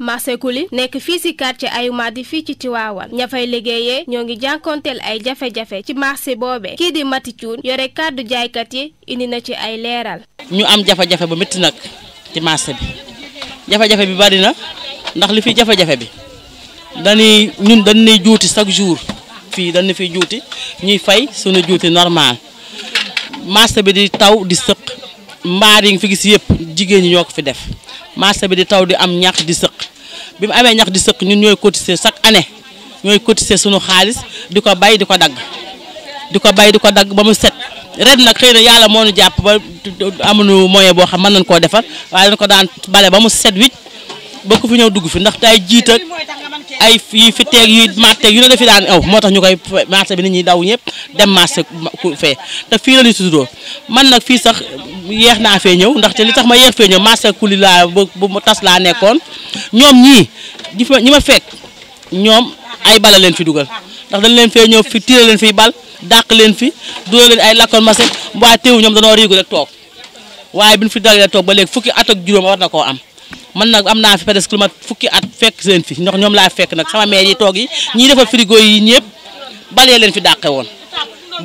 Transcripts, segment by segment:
marché Kuli nekk fii si quartier Ayoumadi fii ci Tiwaawan ña fay liggéeyee ñoo ngi jànkonteel ay jafe-jafe ci marché boobee kii di Mati Cuun yore kàddu jaaykat yi indi na ci ay leeral. ñu am jafe-jafe bu métti nag ci marché bi jafe-jafe bi bari na ndax li fi jafe bi dañuy ñun dañuy juuti chaque jour fii dañu fi juuti ñuy fay sunu juuti normal marché bi di taw di sëq mbaar yi ngi fi gis yëpp jigéen ñi ñoo ko fi def. marché bi di taw di am ñax di sëq bi mu amee ñax di sëq ñun ñooy cotiser chaque année ñooy cotiser suñu xaalis di ko bay di ko dagg di ko bay di ko dagg ba mu set ren nag xëy na yàlla moo nu jàpp ba amuñu moyen boo xam mën nañ koo defar waaye dañ ko daan bale ba mu set wicc ba ku fi ñëw dugg fi ndax ay jiital ay yi fi teeg yuy màtteeg yu ne dafi daan aw moo tax ñu koy marché bi nit ñi daw ñëpp dem marché ku fee te fii la ñu tuddoo man nag fii sax yeex naa fee ñëw ndaxte li tax ma yeex fee ñëw marché kuli laa bu mu tas laa nekkoon ñoom ñii ñi ma fekk ñoom ay bala leen fi dugal ndax dañ leen fee ñëw fi tiira leen fiy bal dàq leen fi dugal ay lakkoon marché waaye teewu ñoom danoo riigu rek toog waaye biñ fi dalee toog ba léegi fukki at ak juróom war na koo am man nag am naa fi presque lu ma fukki at fekk seen fi ndox ñoom laa fekk nag sama maire yi toog yi ñii defar frigo yi ñëpp balee leen fi dàqe woon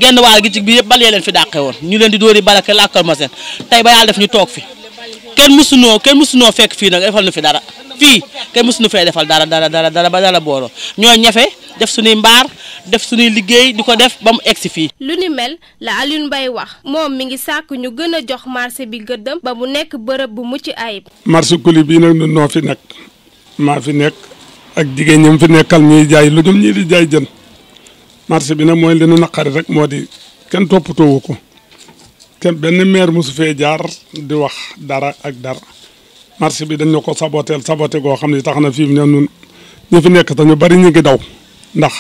genn waal gi ci bi yëpp balee leen fi dàqe woon ñu leen di dóori balake làkkal ma seen tey ba yàlla def ñu toog fi kenn musunoo kenn musunoo fekk fii nag defal nu fi dara fii kenn musunu fee defal dara dara dara dara ba dala booroo ñoo ñafe def suñuy mbaar def su suñuy liggéey di ko def ba mu egsi fii. lu ni mel la Alioune Mbaye wax moom mi ngi sàkk ñu gën a jox marché bi gëddam ba mu nekk bërëb bu mucc ayib. marché Kuli bii nag ñun noo fi nekk maa fi nekk ak jigéen ñi fi nekkal ñuy jaay lu jën marché bi nag mooy li naqari rek moo di kenn toppatoowu ko kenn benn maire mosu fee jaar di wax dara ak dara. marché bi dañ ne ko saboteel saboote goo xam ne tax na fii mu ne ñun fi nekk te ñu bari ñu ngi daw ndax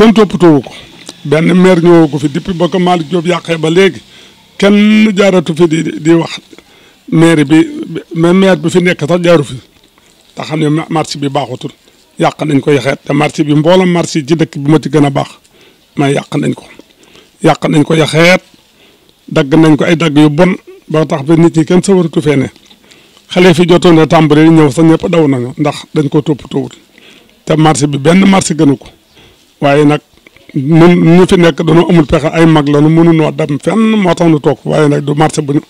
kenn toppatoo ko ben mer ñoo ko fi depuis ba ko Malick Diop yàqee ba léegi kenn jaaratu fi di di wax mer bi même mer bi fi nek sax jaaru fi te xam marché bi baxatul yaq nañ ko xeet te marché bi mbolam marché ji dëkk bi ma ci gëna bax ma yaq nañ ko yaq nañ ko yaxeet dag nañ ko ay dag yu bon ba tax ba nit yi ken sa waratu fee ne xale fi jotone tambalé ñew sa sax daw nañu ndax dañ ko toppatoo wut te marché bi ben marché gënuko waaye nag nun ñu fi nekk dañoo amul pexe ay mag la nu mënunoo dem fenn moo tax nu toog waaye nag du marché bu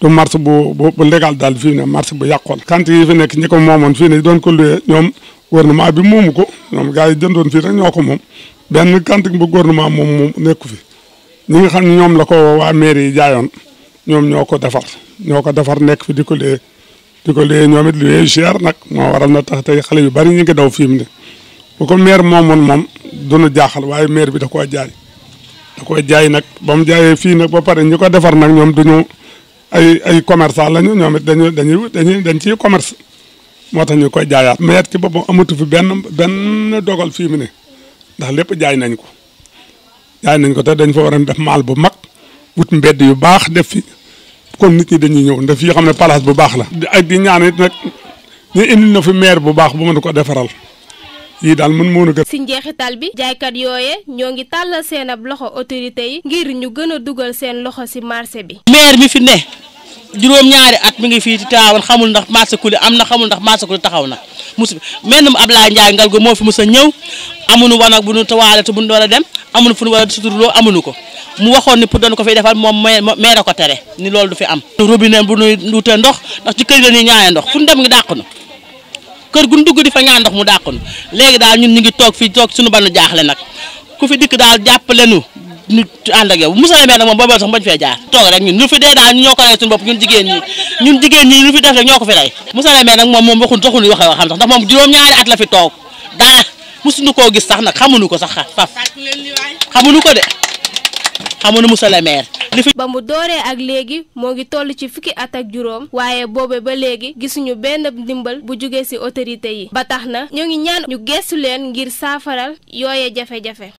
du marché bu bu légal daal fii ne marché bu yàqoon kant yi fi nekk ñi ko moomoon fii ne doon ko luyee ñoom gouvernement bi moomu ko ñoom gars yi jëndoon fii rek ñoo ko moom benn kant bu na gouvernement moom moom nekku fi ñi nga xam ñoom la ko waa mairie yi jaayoon ñoom ñoo ko defar ñoo ko defar nekk fi di ko luyee di ko luyee ñoom it luyee cher nag moo waral na tax tey xale yu bari ñu ko daw fii mu bu ko maire moomoon moom du nu jaaxal waaye maire bi da koo jaay da ko jaay nag ba mu jaayee fii nag ba pare ñi ko defar nag ñoom duñu ay ay commerçant lañu ñoom it dañuy dañuy dañ ciy commerce moo tax ñu koy jaayaat maire ci boppam amatu fi benn benn dogal fii mu ne ndax lépp jaay nañ ko jaay nañ ko te dañ fa war a def maal bu mag wut mbedd yu baax def fi kon nit ñi dañuy ñëw ndax fii xam ne place bu baax la. ak di ñaan it nag ñu indil na fi maire bu baax bu mën ko defaral. yi dal mën moo na gën. si njeexital bi jaaykat yooye ñoo ngi tàllal seen ab loxo autorité yi ngir ñu gën a dugal seen loxo si marché bi. maire mi fi ne juróom-ñaari at mi ngi fii ci Tivaouane xamul ndax marché kuli am na xamul ndax marché kuli taxaw na mosu mel ni Ablaye Ndiaye ngal go moo fi mos a ñëw amuñu ak bu ñu tawaale bu ñu dem amuñu fu ñu war a suturloo amuñu ko mu waxoon ni pour ko fi defal moom maire ko tere ni loolu du fi am. robinet bu ñuy wutee ndox ndax ci kër la ñuy ndox fu ñu dem ngi dàq kër gu ñu dugg di fa ñaan ndox mu dàqoon léegi daal ñun ñu ngi toog fii toog suñu banu jaaxle nag ku fi dikk daal jàppale nu ñu ànd ak yow Moussa Lemay nag moom boobal sax bañ fee jaar toog rek ñun ñu fi dee daal ñoo ko ñun jigéen ñi ñun jigéen ñi ñu fi def rek ñoo ko fi rey Moussa Lemay nag moom moom waxul saxul waxe xam sax ndax moom juróom-ñaari at la fi toog dara musuñu koo gis sax nag xamuñu ko sax faf xamuñu ko de xamuñu Moussa Lemay li ba mu dooree ak léegi moo ngi toll ci fukki at ak juróom waaye boobe ba léegi gisuñu benn ndimbal bu jugee ci autorité yi ba tax na ñu ngi ñaan ñu gestu leen ngir saafaral yooye jafe-jafe